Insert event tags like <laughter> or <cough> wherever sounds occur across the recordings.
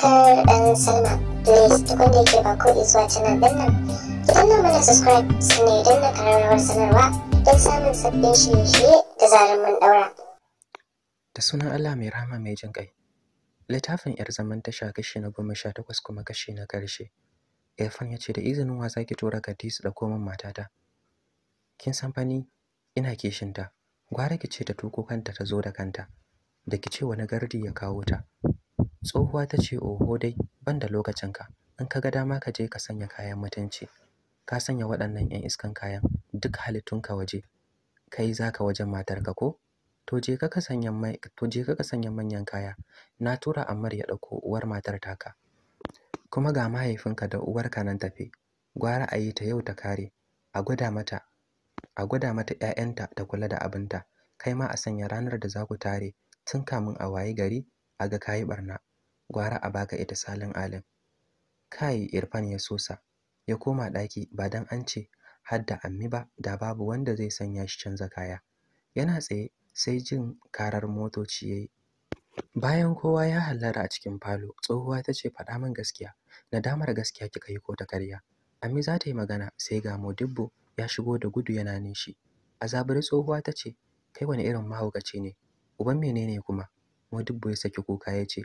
subscribe and sign up. Please da ba ko subscribe sanarwa don samun sabbin shirye-shirye da zarar sunan Allah mai rahama mai jin kai. Littafin 'yar zaman tasha kashi na goma sha takwas kuma kashi na ƙarshe. efan ya ce da izinin wasa ki tura ga disu da min matata. Kin san fani ina kishinta. Gwara ki ce ta tuko kanta ta zo da kanta. Da ki ce wani gardi ya kawo ta. Tsohuwa ta ce oho dai ban da lokacinka, in ka ga dama ka je ka sanya kayan mutunci. Ka sanya waɗannan 'yan iskan kayan duk halittunka waje. Kai za ka wajen matarka ko? To je ka sanya manyan kaya. Na tura Ammar ya ɗauko uwar matar taka. Kuma ga mahaifinka da uwarka nan tafe. Gwara a yi ta yau ta kare. A gwada mata a 'ya'yanta ta kula da abinta. Kai ma a sanya ranar da za ku tare tun kamin a wayi gari a ga kayi ɓarna. gwara a baka ita salin alin Kayi irfan ya sosa ya koma ɗaki ba dan an ce har da ammi ba da babu wanda zai sanya shi canza kaya yana tsaye sai jin karar motoci yayi bayan kowa ya hallara a cikin falo tsohuwa ta ce faɗa min gaskiya nadamar gaskiya kika yi ko ta karya ammi za ta yi magana sai ga modibbo ya shigo da gudu yana nishi a zabiri tsohuwa ta ce kai wani irin mahaukaci ne uban menene kuma modibbo ya saki kuka ya ce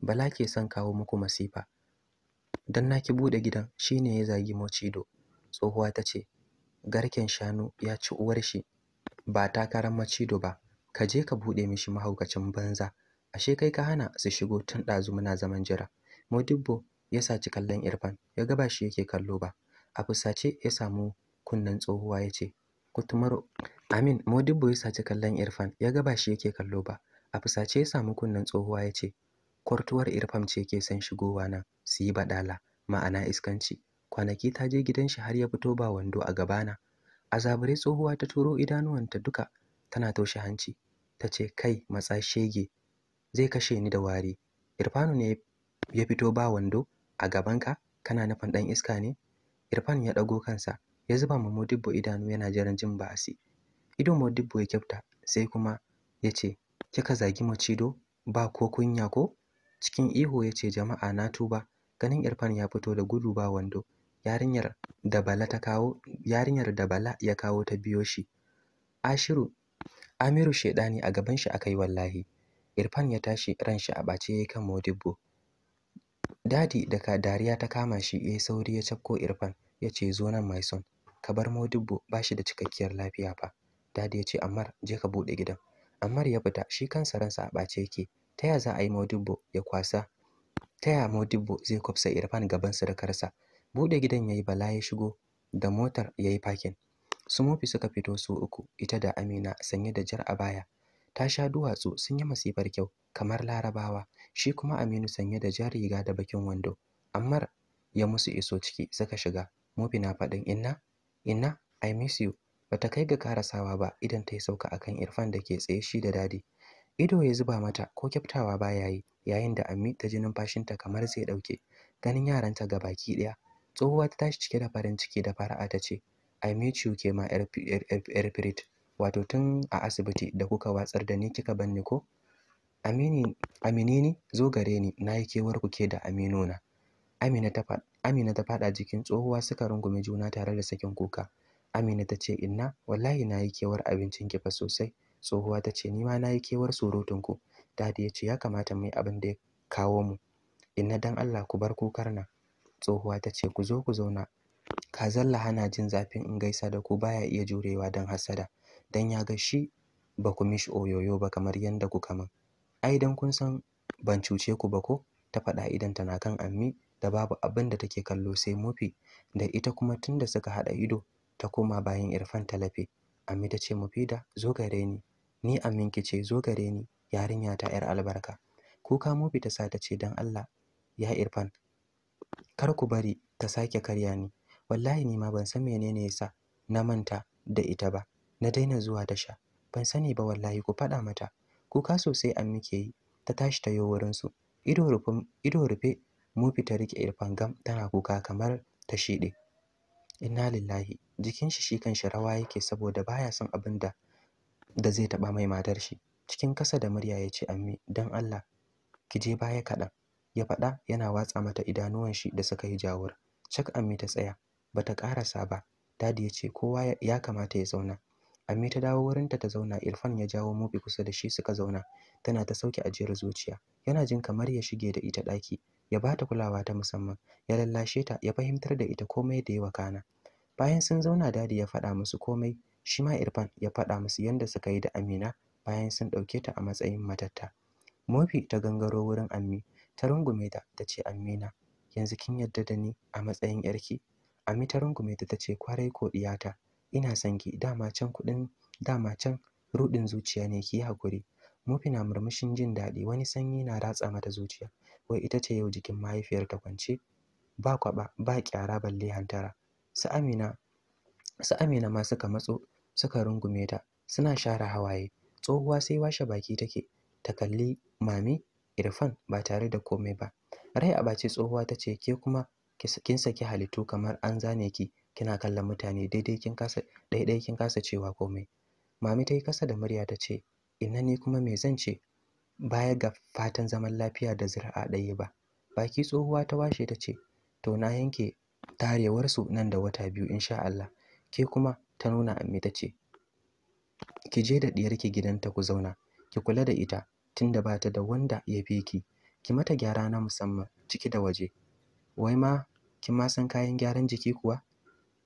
Bala ke son kawo muku masifa. Dan na ki buɗe gidan shi ne ya zagi Mocido. Tsohuwa ta ce, garken shanu ya ci uwar shi, ba karan Mocido ba, ka je ka buɗe mishi mahaukacin banza. Ashe kai ka hana su shigo tun ɗazu muna zaman jira. Modibbo ya saci kallon Irfan, ya ga ba shi yake kallo ba. A fusace ya samu kunnan tsohuwa ya ce, Kutumar Amin Modibbo ya saci kallon Irfan, ya ga ba shi yake kallo ba. A fusace ya samu kunnan tsohuwa ya ce, Kwartuwar Irfam ce ke son shigowa nan su yi baɗala, ma'ana iskanci. Kwanaki ta je gidan shi har ya fito ba wando a gabana. A zabure tsohuwa ta turo idanuwanta duka tana toshe hanci. Ta ce, Kai, matsa shege, zai kashe ni da wari. Irfanu ne ya fito ba wando a gabanka, kana nufin ɗan iska ne? Irfan ya ɗago kansa, ya zuba ma Modibbo idanu yana jiran jin ba'asi. Idon Modibbo ya kyafta, sai kuma ya ce, Kika zagi Macido, ba ko kunya ko? cikin ihu ya ce jama'a na tuba ganin irfan ya fito da gudu ba wando yarinyar da bala ta kawo yarinyar da bala ya kawo ta biyo shi ashiru amiru shedani a gaban shi akai wallahi irfan ya tashi ran shi a bace yayi kan modibbo dadi daga dariya ta kama shi yayi sauri ya cakko irfan ya ce zo nan mai son ka bar modibbo ba shi da cikakkiyar lafiya fa dadi ya ce ammar je ka bude gidan ammar ya fita shi kansa ransa a bace yake ta ya za a yi modibbo ya kwasa ta ya Modibo zai kwafsa Irfan gaban surukarsa bude gidan ya yi Bala ya shigo da motar ya yi fakin. su mofi suka fito su uku ita da Amina sanye da jar a baya. ta sha duwatsu sun yi masifar kyau kamar larabawa shi kuma Aminu sanye da jar riga da bakin wando Ammar ya musu iso ciki suka shiga mofi na faɗin inna inna I miss you bata kai ga karasawa ba idan ta yi sauka akan Irfan da ke tsaye shi da dadi ido ya zuba mata ko kyaftawa ba ya yi yayin da ammi ta ji numfashinta kamar zai ɗauke ganin yaranta ga baki ɗaya tsohuwa ta tashi cike da farin ciki da fara'a ta ce i meet you ke ma yar firit wato tun a asibiti da kuka watsar da ni kika banni ko amini ni zo gare ni na yi kewar ku ke da Aminu na. amina ta faɗa jikin tsohuwa suka rungume juna tare da sakin kuka amina ta ce inna wallahi na yi kewar abincin kifa sosai tsohuwa ta ce ni ma na yi kewar surutun ku dadi ya ce ya kamata mu yi abin da ya kawo mu inna dan Allah ku bar kukar nan tsohuwa ta ce ku zo ku zauna Kazalla hana jin zafin in gaisa da ku baya iya jurewa don hasada Dan ya ga shi ba ku mishi oyoyo ba kamar yadda ku kama ai dan kun san ban cuce ku ba ko ta faɗa idan tana kan ammi da babu abin da take kallo sai mufi. da ita kuma tunda suka haɗa ido ta koma bayan irfan talafe Ami ta ce Mufida zo gare ni ni aminki ce zo gare ni yarinya ta yar albarka kuka Mufi ta sa ta ce dan Allah ya Irfan kar ku bari ta sake karya ni wallahi ni ma ban san menene yasa na manta da ita ba na daina zuwa da sha. ban sani ba wallahi ku faɗa mata kuka sosai ammi ke yi ta tashi ta yo wurin su ido rufe ido Mufi ta rike Irfan gam tana kuka kamar ta shide inna lillahi jikin shi shi kanshi rawa yake saboda baya son abin da da zai taɓa mai matar shi cikin kasa da murya ya ce ammi dan Allah ki je baya kaɗan ya faɗa yana watsa mata idanuwan shi da suka yi jawur cak ammi ta tsaya bata karasa ba dadi ya ce kowa ya kamata ya zauna ammi ta dawo wurinta ta zauna irfan ya jawo mobi kusa da shi suka zauna tana ta sauke ajiyar zuciya yana jin kamar ya shige da ita ɗaki ya bata kulawa ta musamman ya lallashe ta ya fahimtar da ita komai da yawa kana bayan sun zauna dadi ya faɗa musu komai shi ma irfan ya faɗa musu yadda suka yi da amina bayan sun ɗauke ta a matsayin matatta mofi ta gangaro wurin ammi ta rungume ta ta ce amina yanzu kin yarda da ni a matsayin yarki ammi ta rungume ta ta ce kwarai ko diyata ina son ki dama can kuɗin dama can ruɗin zuciya ne ki yi hakuri mofi na murmushin jin daɗi wani sanyi na ratsa mata zuciya wai ita ce yau jikin mahaifiyar ta kwance ba kwaɓa ba kyara balle hantara su Amina su Amina ma suka matso suka rungume ta suna share hawaye tsohuwa sai washe baki take ta kalli mami Irfan ba tare da komai ba rai a bace tsohuwa ta ce ke kuma kin saki halittu kamar an zane ki kina kallon mutane daidai kin kasa daidai kin kasa cewa komai mami ta yi kasa da murya ta ce ina ne kuma me zan ce baya ga fatan zaman lafiya da zuri'a ɗaya ba baki tsohuwa ta washe ta ce to na yanke tarewarsu nan da wata biyu insha Allah ke kuma ta nuna amme ta ce ki je da ɗiyarki gidanta ku zauna ki kula da ita tunda ba ta da wanda ya fi ki ki mata gyara na musamman ciki da waje wai ma kin ma san kayan gyaran jiki kuwa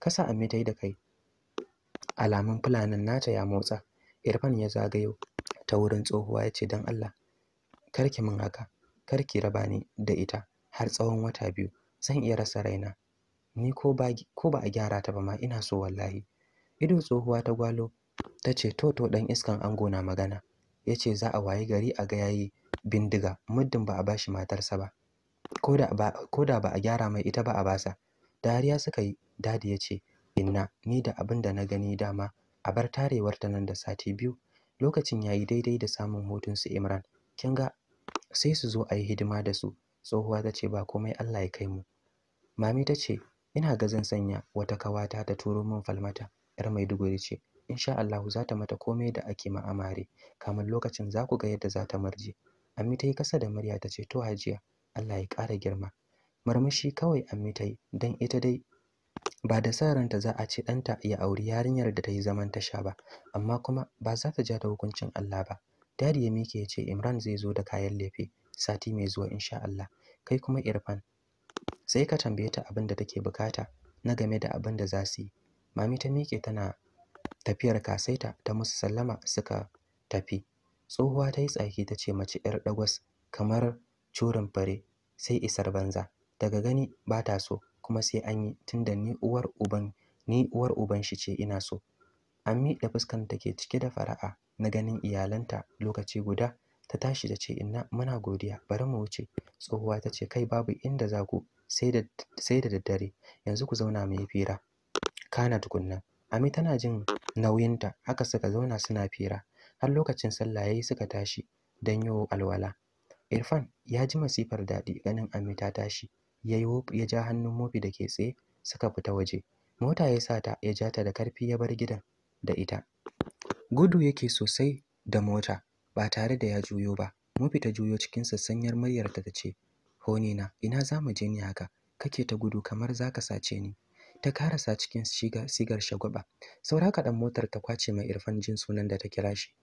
kasa amme ta yi da kai alamun fulanin nata ya motsa irfan ya zagayo ta wurin tsohuwa ya ce don allah Kar ki min haka karki raba ni da ita har tsawon wata biyu zan iya rasa raina ni ko ba ko ba a gyara ta ba ma ina so wallahi ido tsohuwa ta gwalo tace ce to to dan iskan ango na magana yace za a wayi gari a ga yayi bindiga muddin ba a bashi matarsa ba ko da ba a gyara mai ita ba a basa dariya suka yi dadi yace inna ni da abin da na gani dama a bar tarewar ta nan da sati biyu lokacin yayi daidai da samun hutun su Imran kin ga sai su zo a yi hidima da su tsohuwa ta ce ba komai Allah ya kai mu mami ta ce ina ga zan sanya wata kawata ta turo min falmata yar maiduguri ce insha Allahu za ta mata komai da ake ma amare kamar lokacin za ku ga yadda za ta marje ammi ta yi kasa da murya ta ce to hajiya Allah ya ƙara girma murmushi kawai ammi ta yi don ita dai ba da sa ranta za a ce ɗanta ya auri yarinyar da ta yi zaman tasha ba amma kuma ba za ta ja da hukuncin Allah ba dadi ya mike ya ce Imran zai zo da kayan lefe sati mai zuwa insha Allah kai kuma Irfan sai ka tambaye ta abin da take bukata na game da abin da za su yi mami ta miƙe tana tafiyar kasaita ta musu sallama suka tafi tsohuwa ta yi tsaki ta ce mace 'yar dagwas kamar curin fare sai isar banza daga gani ba ta so kuma sai an yi tunda ni uwar uban ni uwar uban shi ce ina so ammi da fuskan take cike da fara'a na ganin iyalanta lokaci guda ta tashi ta ce inna muna godiya bari mu wuce tsohuwa ta ce kai babu inda za ku sai da daddare yanzu ku zauna mu yi fira kana tukunna ami tana jin nauyinta haka suka zauna suna fira har lokacin sallah yayi suka tashi dan yi alwala irfan ya ji masifar daɗi ganin ami ta tashi ya ya ja hannun mofi da ke tsaye suka fita waje mota ya sa ta ya ja ta da karfi ya bar gidan da ita gudu yake sosai da mota ba tare da ya juyo ba Mufi ta juyo cikin sassanyar muryar ta tace honina ina za mu je ni haka kake ta gudu kamar za zaka sace ni ta karasa cikin shiga sigar shagwaba saura kaɗan motar ta kwace mai irfan jin sunan da ta kira shi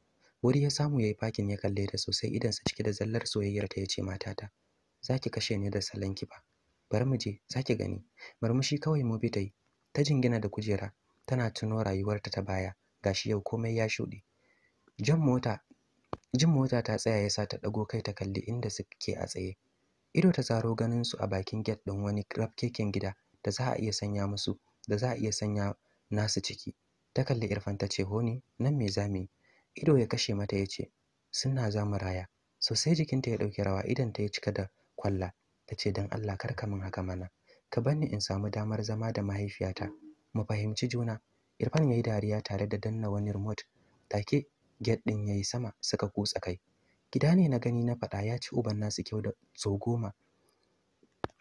wuri ya samu yayi fakin ya kalle ta sosai idansa cike da zallar soyayyar ta yace matata zaki kashe ni da salanki ba bari mu je zaki gani Marmushi kawai bi ta yi ta jingina da kujera tana tuno rayuwarta ta baya gashi yau komai ya shuɗe jan mota jin mota ta tsaya sa ta ɗago kai ta kalli inda suke a tsaye ido ta zaro ganin su a bakin gate ɗin wani rafkeken gida da za a iya sanya musu da za a iya sanya nasu ciki ta kalli irfan ta ce honi nan me za mu ido ya kashe mata ya ce suna za mu raya sosai jikinta ya ɗauki rawa idan ta ya cika da kwalla ta ce don allah kar ka min haka mana ka bar ni in samu damar zama da mahaifiyata mu fahimci juna irfan ya yi dariya tare da danna wani remote take get ɗin ya yi sama suka kutsa kai gida ne na gani na faɗa ya ci uban nasu kyau da so goma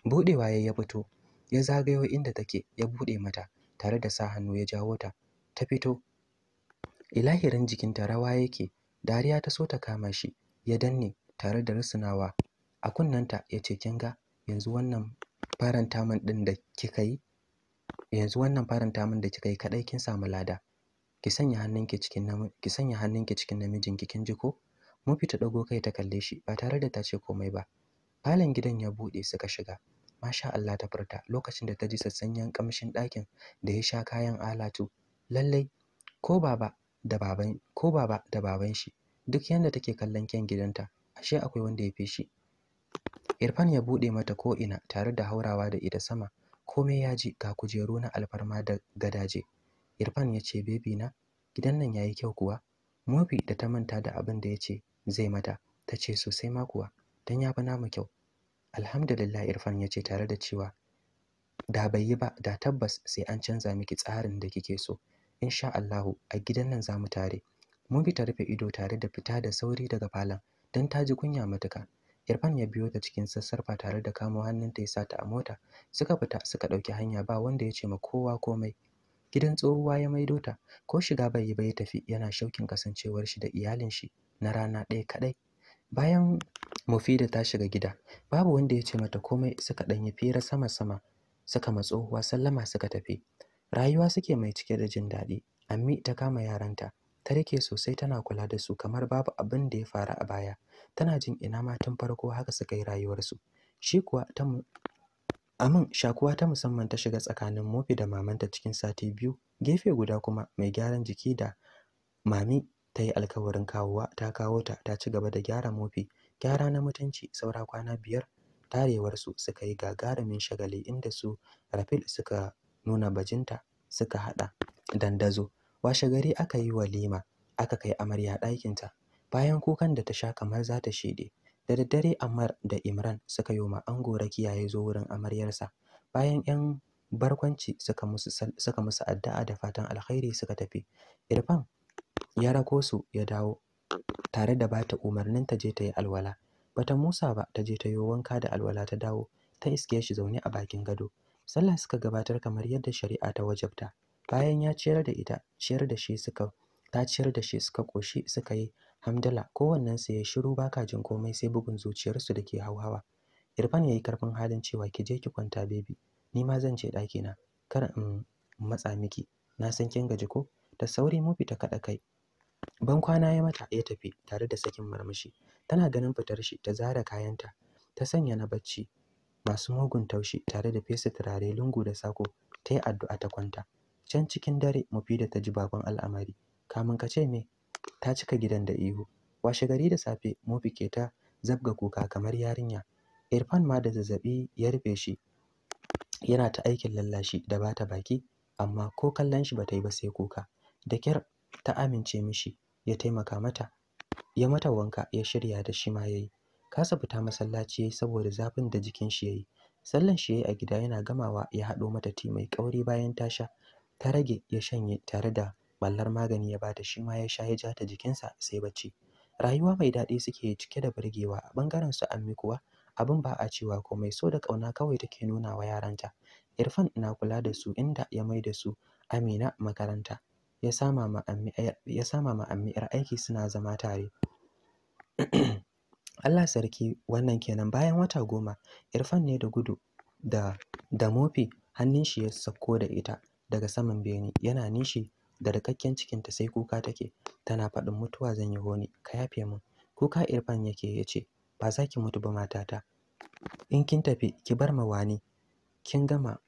buɗewa yayi ya fito ya zagayo inda take ya buɗe mata tare da sa hannu ya jawo ta ta fito ilahirin jikinta rawa yake dariya ta so ta kama shi ya danne tare da rusunawa a ta, ya ce kin ga yanzu wannan faranta min din da kika yi yanzu wannan faranta da kika yi kadai kin samu lada ki sanya hannunki cikin namiji ki sanya hannunki cikin namijinki kin ji ko mu fita dago kai ta kalle shi ba tare da ta ce komai ba falon gidan ya bude suka shiga masha Allah ta furta lokacin da ta ji sassanyen kamshin ɗakin da ya sha kayan alatu lallai ko baba da baban ko baba da baban shi duk yanda take kallon kyan gidanta ashe akwai wanda ya fi shi Irfan ya bude mata ko ina tare da haurawa da ita sama komai ya ji ga kujeru na alfarma da gadaje Irfan ya ce bebi na gidan nan ya yi kyau kuwa Mobi da ta manta da abin da ya ce zai mata ta ce sosai ma kuwa don ya fi namu kyau Alhamdulillah Irfan ya ce tare da cewa da bai yi ba da tabbas sai an canza miki tsarin da kike so insha Allahu a gidan nan za mu tare Mobi ta rufe ido tare da fita da sauri daga falon don ta ji kunya matuka Irfan ya biyo ta cikin sassarfa tare da kamo hannunta ya sa ta a mota suka fita suka ɗauki hanya ba wanda ya ce ma kowa komai gidan tsohuwa ya maido ta ko shiga bai yi ba ya tafi yana shaukin kasancewar shi da iyalin shi na rana ɗaya kaɗai bayan mufida ta shiga gida babu wanda ya ce mata komai suka ɗanyi fira sama-sama suka matsohuwa sallama suka tafi rayuwa suke mai cike da jin daɗi ammi ta kama yaranta ta rike sosai tana kula da su kamar babu abin da ya faru a baya tana jin ina ma tun farko haka suka yi rayuwarsu shi kuwa ta Amin shakuwa ta musamman ta shiga tsakanin Mofi da mamanta cikin sati biyu, gefe guda kuma mai gyaran jiki da Mami ta yi alkawarin kawowa ta kawo ta ta ci gaba da gyara Mofi, gyara na mutunci saura kwana biyar tarewarsu suka yi gagarumin shagali inda su Rafil suka nuna bajinta suka haɗa dandazo. Washe gari aka yi walima aka kai amarya ɗakinta bayan kukan da ta sha kamar za ta shiɗe Da daddare Ammar da Imran suka yi ma ango rakiya ya zo wurin amaryarsa. Bayan 'yan barkwanci suka musu suka musu addu'a da fatan alkhairi suka tafi. Irfan ya rako su ya dawo tare da bata umarnin ta je ta yi alwala. Bata Musa ba ta je ta yi wanka da alwala ta dawo ta iske shi zaune a bakin gado. Sallah suka gabatar kamar yadda shari'a ta wajabta. Bayan ya ciyar da ita, ciyar da shi suka ta ciyar da shi suka ƙoshi suka yi Hamdala kowannensu ya shiru baka jin komai sai bugun zuciyarsu da ke hauhawa. Irfan ya yi karfin halin cewa ki je ki kwanta baby, ni ma zan je na kar in matsa miki, na san kin gaji ko? ta sauri Mufi ta kaɗa kai. Ban kwana ya mata ya tafi tare da sakin murmushi. Tana ganin fitar shi ta zara kayanta, ta sanya na bacci masu mugun taushi tare da fesa turare lungu da sako ta yi addu'a ta kwanta. Can cikin dare mu Mufida ta ji bakon al'amari, kamun ka ce me ta cika gidan da ihu washe gari da safe mofi ke ta zabga kuka kamar yarinya irfan ma da zazzabi ya rufe shi yana ta aikin lallashi da bata baki amma ko kallon shi bata yi ba sai kuka da kyar ta amince mishi ya taimaka mata ya mata wanka ya shirya da shi ma yi. kasa fita masallaci ya yi saboda zafin da jikin shi ya yi. sallan shi yi a gida yana gamawa ya haɗo mata ti mai ƙauri bayan ta sha ta rage ya shanye tare da ballar magani ya bata shi ma ya sha ya ja ta jikinsa sai bacci rayuwa mai daɗi suke cike da burgewa a ɓangaren su ammi kuwa abin ba a cewa komai so da ƙauna kawai take nuna wa yaranta irfan na kula da su inda ya mai da su amina makaranta ya sama ma ammi yar aiki suna zama tare <clears throat> Allah sarki wannan kenan bayan wata goma irfan ne da gudu da da mofi hannun shi ya sauko da ita daga saman bene yana nishi da rikakken cikinta sai kuka take tana faɗin mutuwa zan yi honi ka yafe min kuka irfan yake ya ce ba za ki mutu ba matata in kin tafi ki bar ma wani kin gama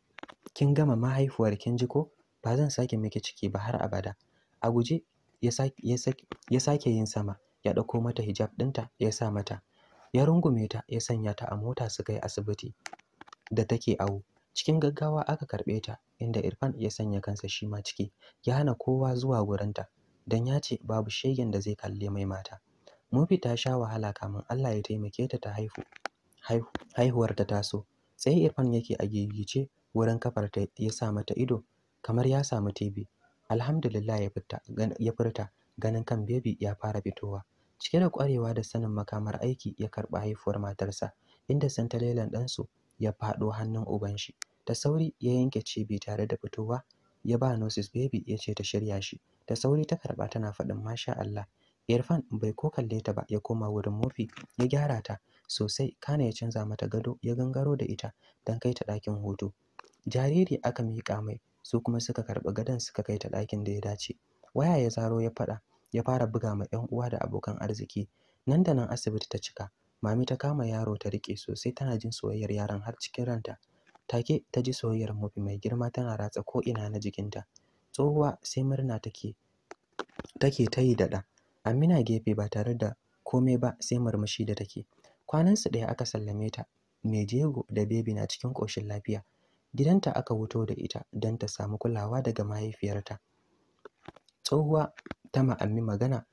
kin gama mahaifuwar kin ji ko ba zan sake miki ciki ba har abada a guje ya sake yin sama ya ɗauko mata hijab ɗinta ya sa mata ya rungume ta ya sanya ta a mota su kai asibiti da take awo cikin gaggawa aka karɓe ta inda Irfan ya sanya kansa shi ma ciki ya hana kowa zuwa gurinta don ya ce babu shegen da zai kalle mai mata Mufi ta sha wahala kamin Allah ya taimake ta ta haihu haihuwar ta taso sai Irfan yake a gigice wurin kafar ta ya sa mata ido kamar ya samu tebe. alhamdulillah ya furta ganin kan bebi ya fara fitowa cike da ƙwarewa da sanin makamar aiki ya karɓi haifuwar matarsa inda santalelan ɗansu ya faɗo hannun uban shi Da sauri ya yanke cibi tare da fitowa ya ba Nosis Baby ya ce ta shirya shi. Da sauri ta karɓa tana faɗin masha Allah. Irfan bai ko kalle ta ba ya koma wurin Mofi ya gyara ta sosai kana ya canza mata gado ya gangaro da ita don kai ta ɗakin hutu. Jariri aka miƙa mai su kuma suka karɓi gadon suka kai ta ɗakin da ya dace. Waya ya zaro ya faɗa ya fara buga ma 'yan uwa da abokan arziki. Nan da nan asibiti ta cika. Mami ta kama yaro ta riƙe sosai tana jin soyayyar yaron har cikin ranta. Take ta ji soyayyar mafi mai girma tana ratsa ko'ina na jikinta. Tsohuwa sai murna take take ta yi daɗa. Amina gefe ba tare da komai ba sai murmushi da take. Kwanansu ɗaya aka sallame ta. Mai jego da bebi na cikin ƙoshin lafiya. Gidanta aka wuto da ita don ta samu kulawa daga mahaifiyarta. Tsohuwa ta ma ma'ammi magana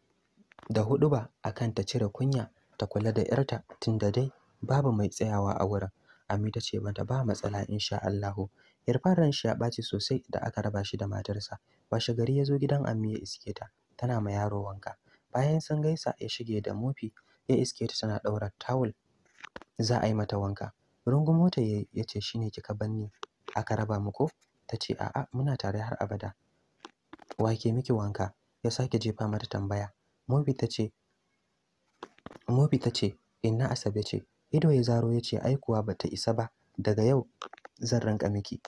da huduba a kan ta cire kunya ta kula da ‘yarta da dai babu mai tsayawa a wurin. Ami ta ce mata ba matsala insha Allahu. Irfan ran shi ya ɓaci sosai da aka raba shi da matarsa. Washe gari ya zo gidan Ami ya iske ta, tana ma yaro wanka. Bayan sun gaisa ya shige da mofi ya iske ta tana ɗaura tawul za a yi mata wanka. Rungumo ta ya ce shi ne kika banni aka raba mu ko? Ta ce a'a muna tare har abada. Wa ke miki wanka? Ya sake jefa mata tambaya. Mofi ta ce Mofi ta ce inna Asabe ce Ido ya zaro ya ce ai kuwa ta isa ba daga yau zan ranka miki.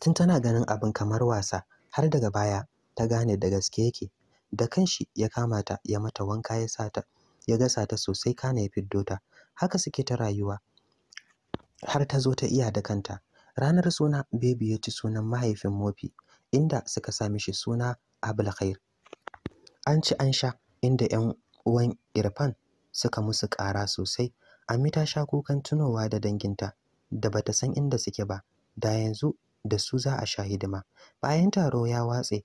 Tun tana ganin abin kamar wasa har daga baya ta gane da gaske yake. Da kanshi ya kama ta ya mata wanka ya sa ya gasa ta sosai kana ya fiddo ta. Haka suke ta rayuwa har ta zo ta iya da kanta. Ranar suna Baby ya ci sunan mahaifin Mofi inda suka sa mishi suna Abulkhair. An ci an sha inda 'yan uwan Irfan suka musu ƙara sosai Ami ta sha kukan tunowa da danginta da bata san inda suke ba, da yanzu da su za a sha hidima. Bayan taro ya watse,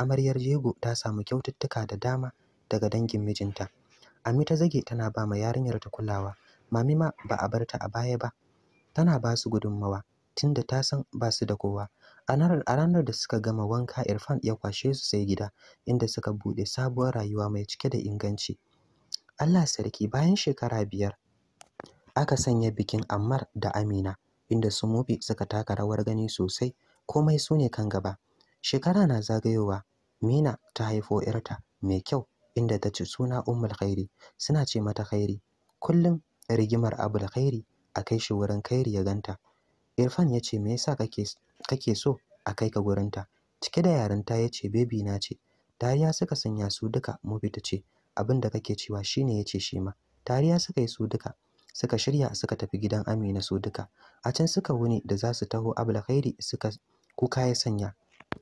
amaryar jego ta samu kyaututtuka da dama daga dangin mijinta. Ami ta zage tana ba ma yarinyar ta kulawa, mami ma ba a bar ta a baya ba. Tana ba su gudunmawa tunda ta san ba su da kowa. A ranar da suka gama wanka Irfan ya kwashe su sai gida inda suka buɗe sabuwar rayuwa mai cike da inganci. Allah sarki bayan shekara biyar aka sanya bikin Ammar da Amina inda su mubi suka taka rawar gani sosai komai su ne kan gaba. Shekara na zagayowa Mina ta haifo 'yarta mai kyau inda ta ci suna Ummul Khairi suna ce mata Khairi kullum rigimar Abul Khairi a kai shi wurin Khairi ya ganta. Irfan ya ce me yasa kake kake so a kai ka gurinta cike da yarinta ya ce bebi na ce dariya suka sanya su duka Mobi ta ce abin da kake cewa shi ne ya ce shi ma tariya suka yi su duka suka shirya suka tafi gidan amina su duka a can suka wuni da za su taho abulkhairi suka kuka ya sanya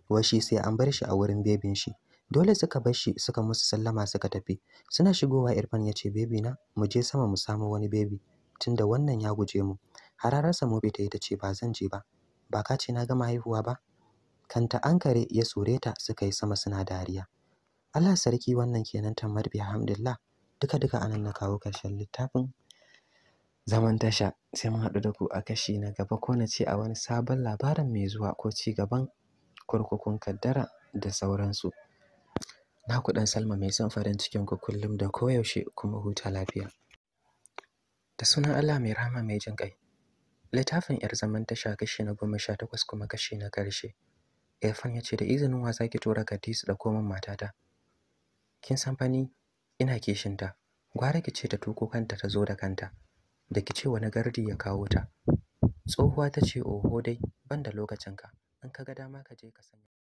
washi sai an bar shi a wurin bebin shi dole suka bar shi suka musu sallama suka tafi suna shigowa irfan ya ce bebi na mu je sama mu samu wani bebi tunda wannan ya guje mu hararsa mu bai ta yi ta ce ba zan je ba ba ka ce na gama haihuwa ba kanta ankare ya sure ta suka yi sama suna dariya Allah sarki wannan kenan tamar bi alhamdulillah duka duka anan na kawo karshen littafin zaman tasha sai mun haɗu da ku a kashi na gaba ko na ce a wani sabon labarin mai zuwa ko ci gaban kurkukun kaddara da sauransu na ku dan Salma mai son farin cikin ku kullum da koyaushe kuma huta lafiya da sunan Allah mai rahama mai jin kai littafin yar zaman tasha kashi na goma sha takwas kuma kashi na karshe Efan ya ce da izinin wasa ki tura kadisu da komin matata kin san fani ina kishinta gwara ki ce ta tuko kanta ta zo da kanta da ki ce wani gardi ya kawo ta tsohuwa ta ce oho dai banda lokacinka in ka ga dama ka je ka sanya